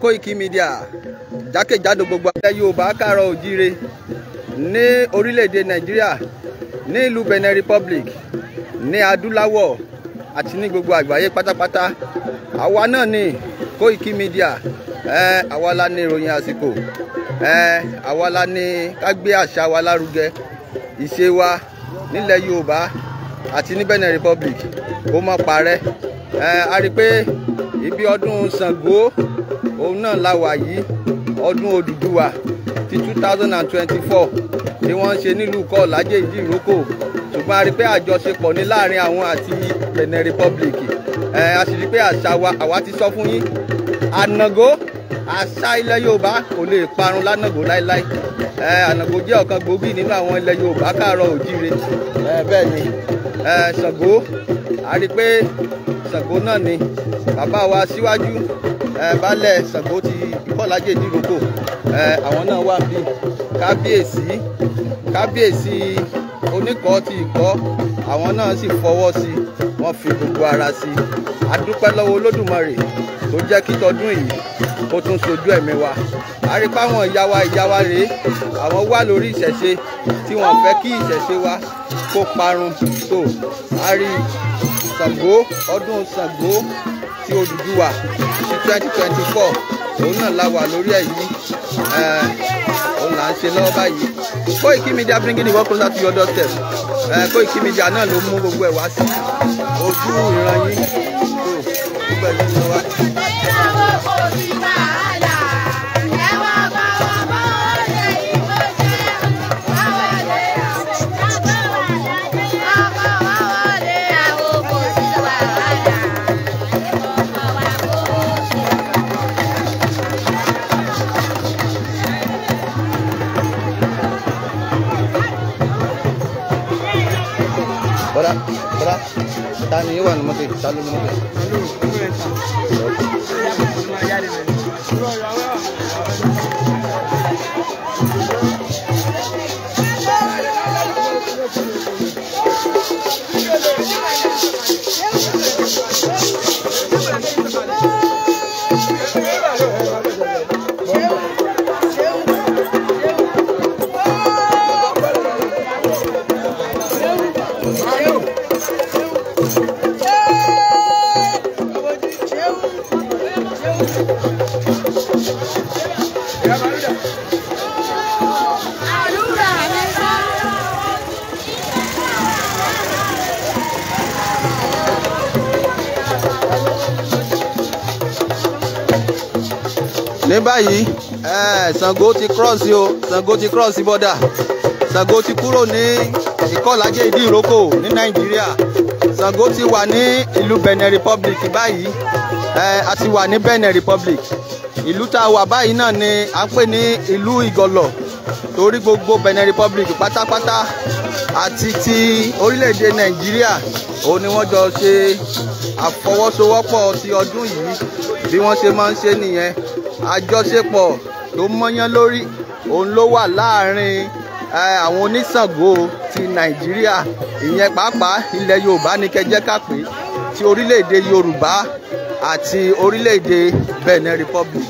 Koiki Media jákèjádò gbogbo ilẹ̀ Yorùbá kárọ̀ òjíire ní orílẹ̀-èdè Nàìjíríà ní ìlú Benin Republic ní adúláwọ̀ àti ní gbogbo àgbáyé pátápátá àwa náà ni Koiki Media àwa la ní ìròyìn àsìkò àwa la ní ká gbé a rí i pé ibi ọdún Ṣàngó òun náà la wà yìí ọdún Odùduwà ti two thousand and twenty-four tí wọ́n ń ṣe nílùú kọ́ làjẹ́ ìdí ìrókò ṣùgbọ́n a rí i pé àjọṣepọ̀ ní láàrin àwọn àti Benin Republic a sì rí pé àṣà wa àwa ti sọ fún yín ànàgó àṣà ilẹ̀ Yorùbá kò lè parun lánàgó láéláé ànàgó jẹ́ ọ̀kan gbòógì nínú àwọn ilẹ̀ Yorùbá káàárọ̀ oòjíire bẹ́ẹ̀ ni Ṣàngó a rí pé Ṣàngó náà ni bàbá wa síwájú baálẹ̀ Ṣàngó ti Ìkọ́lájé Ìdíròkò àwọn náà wà bí kábíyèsí kábíyèsí oníkọ́ ti ìkọ́ àwọn náà sì fọwọ́ sí wọ́n fi gbogbo ara sí adúpẹ́ lọ́wọ́ Olódùmarè tó jẹ́ kí tọdún yìí kó tún sojú ẹ̀mí wa àrípa àwọn ìyá wa ìyá wa rèé àwọn wà lórí ìṣẹ̀ṣe tí wọ́n fẹ́ kí ìṣẹ̀ṣe wa kó parun tó a rí Sango, ọdún sango, ti Odùduwà ti twenty twenty four òun náà la wà lórí ẹ̀ yìí òun là ń ṣe lọ́wọ́ báyìí Koiki Media bringing the world closer to your doorstep Koiki Media náà ló mú gbogbo ẹ̀ wá sí ojú ìran yín tó gbogbo ẹ̀ ló ń lọ wá. Saludos. Tá Saludos. ní báyìí sango ti cross o sango ti cross border sango ti kúrò ní ìkọlàjẹ ìdí ìrókò ní Nàìjíríà Ṣàngó ti wà ní ìlú Benin Republic báyìí a ti wà ní Benin Republic ìlú tá a wà báyìí náà ni à ń pè ní ìlú Ìgọ̀lọ̀ torí gbogbo Benin Republic pátápátá àti ti orílẹ̀-èdè Nàìjíríà òun ni wọ́n jọ ṣe àfọwọ́sowọ́pọ̀ ti ọdún yìí bí wọ́n ṣe máa ń ṣe nìyẹn àjọṣepọ̀ tó mọ́yán lórí òun ló wà láàrin àwọn oníṣàngó ti nàìjíríà ìyẹn pàápàá ilẹ̀ yorùbá ní kẹjẹ́ kápé ti orílẹ̀-èdè yorùbá àti orílẹ̀-èdè benin republic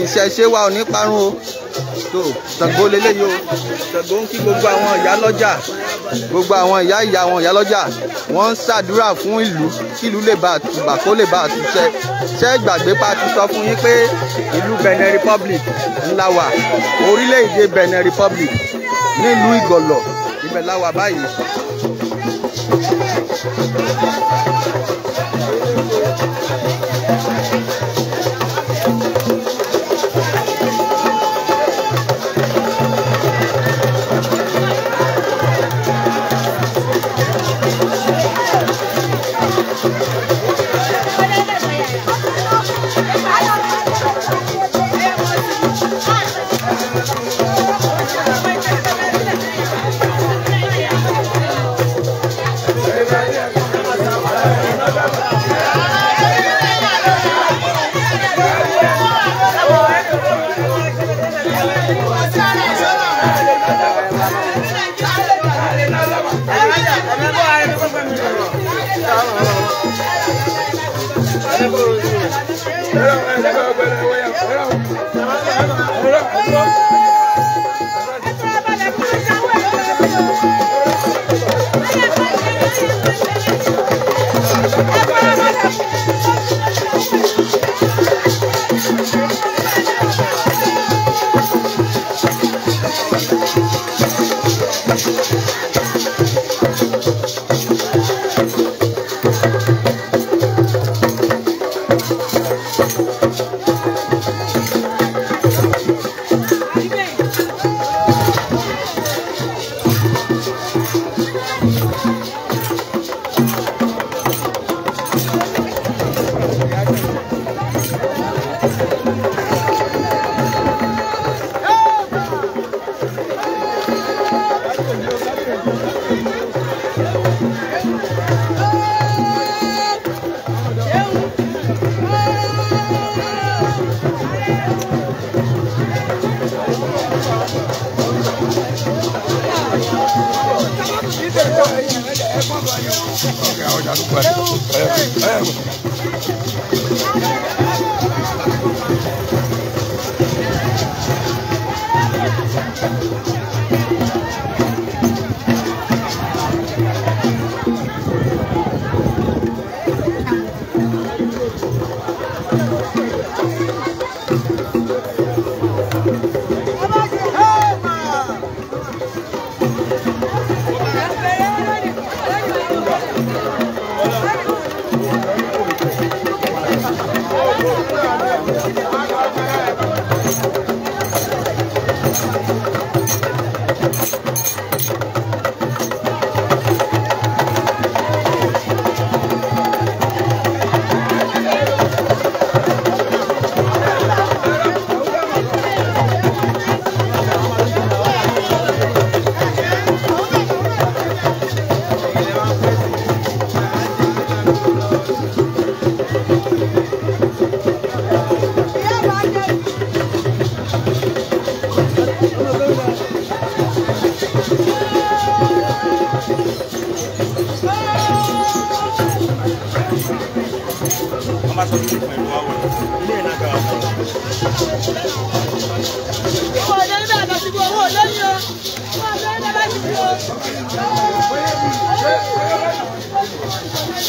ìṣẹ̀ṣe wa ò ní parun o tó Ṣàngó leléyìí o Ṣàngó ń kí gbogbo àwọn ìyá lọ́jà gbogbo àwọn ìyá ìyá àwọn ìyá lọ́jà wọ́n ń ṣàdúrà fún ìlú kí ìlú lè bá àtúbà kó lè bá àtúnṣe ṣé gbàgbé pa ti sọ fún yín pé ìlú Benin Republic ńlá wà orílẹ̀-èdè Benin Republic nílùú Ìgọ̀lọ̀ ibẹ̀ la wà báyìí.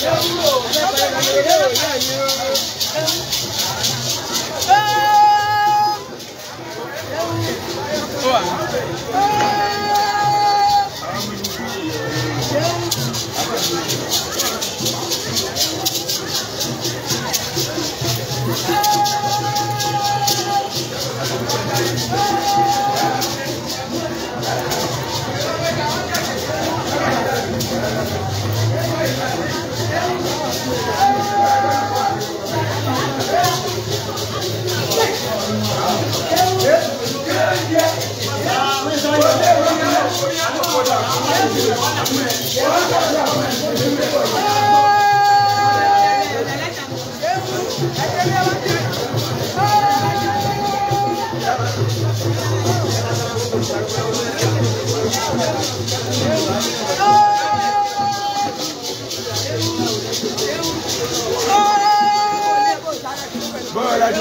Thank you.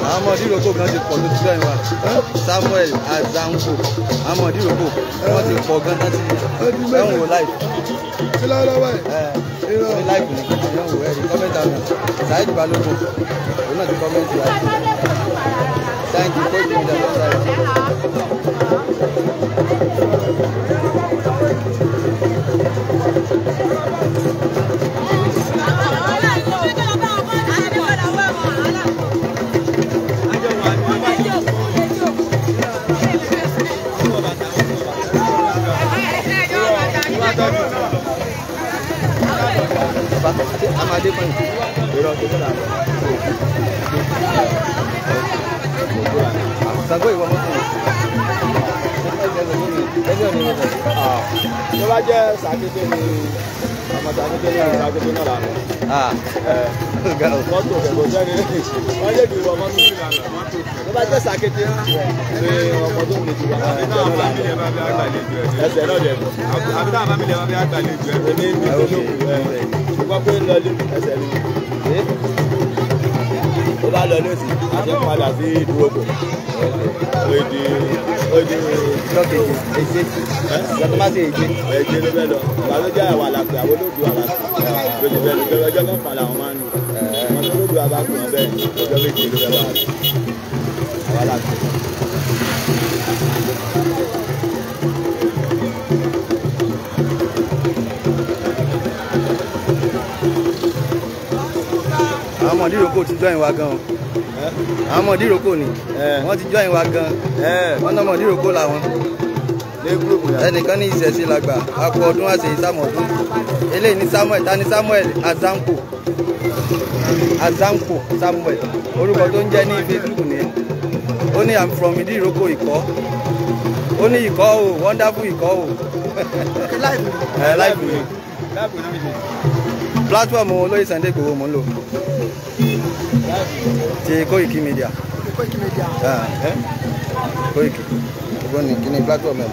àwọn ọmọdé ìrókò gan ti pọ̀ lójú ẹ̀ wa Samuel Azanko àwọn ọmọdé wọ́n ti pọ̀ gan láti ẹ̀hún wò láì. ṣé lọ́wọ́lọ́wọ́ ẹ̀ ní láì kùnú ẹ̀hún wò ẹ̀rí kọ́mẹ́ntà mi Saheed Balogun òun náà ti kọ́mẹ́ntì wa. thank you. sago ìwọ mọ́tò ẹgbẹ́ mi ni ọ tó bá jẹ́ sàkété ni ọmọ sàkété ni ọmọ sàkété náà lànà mọ́tò kò sẹ́ni wọ́n lè dùn ọmọ tó lànà mọ́tò tó bá jẹ́ sàkété ni ọmọ tó lè dùn ọmọ tó lànà ẹsẹ̀ náà jẹ̀ bọ̀ àbí táwọn bá mi lè bá bí àgbàlejò ẹ̀ ní ìgbésókù ẹ̀ tó bá pé ń lọ ẹsẹ̀ ni tó bá lọ lóṣì a ṣe padà sí ìdúrógbò èdè èdè lọ́kèjì èjì ìjọba má ṣe èjì. èjì ló bẹ́ẹ̀ lọ ìgbà tó jẹ́ àwọn àlàkù àwọn olóògbé àlàkù lójú bẹ́ẹ̀ ló bẹ́ẹ̀ ọjọ́ mọ́kànlá àwọn máa ń lò wọn tó lóògbé àbá wọn bẹ́ẹ̀ ọjọ́ méjì ló bẹ́ẹ̀ wà àwọn àlàkù. ọmọdé ìrókò ti join wa gan o ìrókò ni wọ́n ti join wa gan wọ́n náà ọmọdé ìrókò làwọn ẹnìkan ní ìṣẹ̀ṣe làgbà akọ ọdún àṣeyí sàmọ̀dún eléyìí ní Samuel ta Samuel azampo azampo Samuel orúkọ tó ń jẹ́ ní Facebook nìyẹn ó ní i'm from ìdí ìrókò ìkọ́ ó ní ìkọ́ o wonderful ìkọ́ o láìpẹ́ mi eh, platform olóyè Sunday Igboho mò ń lò ti Koiki Media. Koiki Media. Ah, eh? Koiki. Ibo ni kini platform ẹ.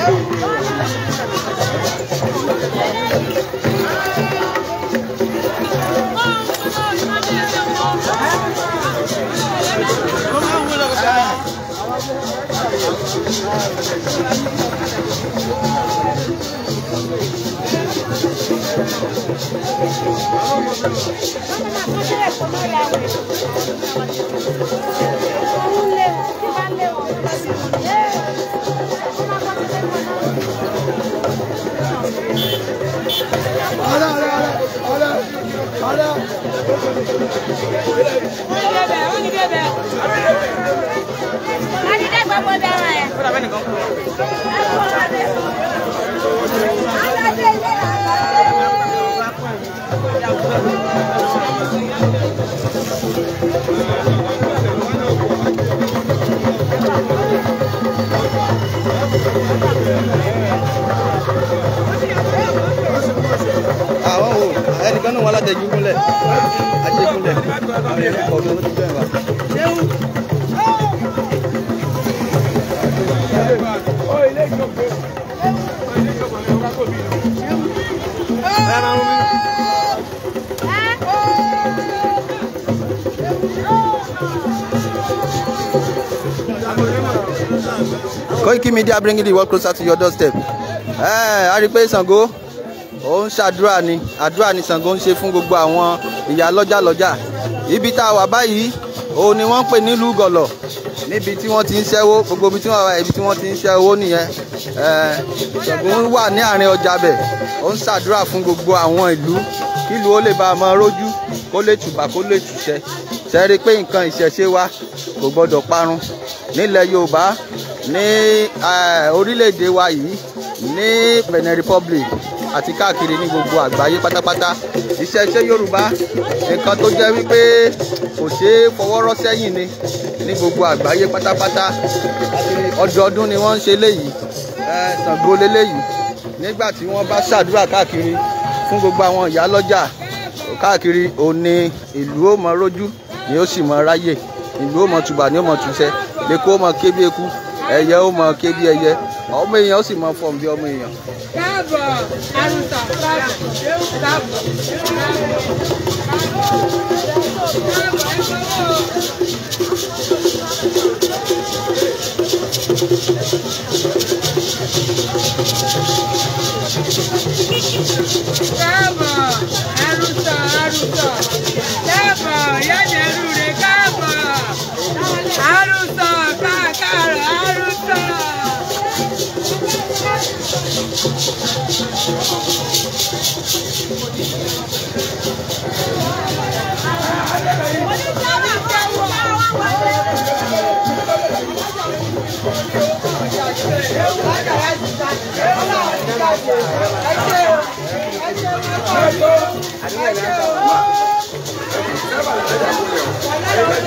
Vamos, vamos. àwọn ah, ò oh, ẹnìkan náà wọn aládẹjú gúnlẹ̀ ajégúnlẹ̀ ọdún. Koiki Media bringing the world closer to your doorstep. Eh, a rí i pé Ṣàngó ó ń ṣàdúrà ni adra ni Ṣàngó ń ṣe fún gbogbo Iya ìyá lọ́jà lọ́jà ibi tá a wà báyìí ni wọ́n ń pè nílùú gọ̀lọ̀ níbi tí wọ́n ti ń ṣẹ́wó gbogbo ibi tí wọ́n wà ibi tí wọ́n ti ń ṣẹ́wó nìyẹn eh, Ṣàngó wà ní àárín ọjà bẹ̀ ó ń ṣàdúrà fún gbogbo àwọn ìlú kílùú ó lè bá a máa rójú kó lè tùbà kó lè ṣe rí i pé nǹkan ìṣẹ̀ṣe wa kò gbọ́dọ̀ parun nílẹ̀ Yorùbá ní orílẹ̀-èdè wa yìí ní Benin Republic àti káàkiri ní gbogbo àgbáyé pátápátá ìṣẹ̀ṣe Yorùbá nǹkan tó jẹ́ wípé kò ṣeé fọwọ́rọ́ sẹ́yìn ni ní gbogbo àgbáyé pátápátá ọdọọdún ni wọ́n ń ṣe léyìí Ṣàngó léléyìí nígbà tí wọ́n bá ṣàdúrà káàkiri fún gbogbo àwọn ìyálọ́jà káàkiri òní ìlú ó mọ rójú ni ó sì mọ ráyè ìlú ó mọ tùbà ni ó mọ tùṣẹ lẹkọ ó mọ ké bí eku ẹyẹ ó mọ ké bí ẹyẹ ọmọ èèyàn ó sì mọ fọm bí ọmọ èèyàn. káàbọ̀ àrùntà káàbọ̀ káàbọ̀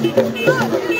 Gracias.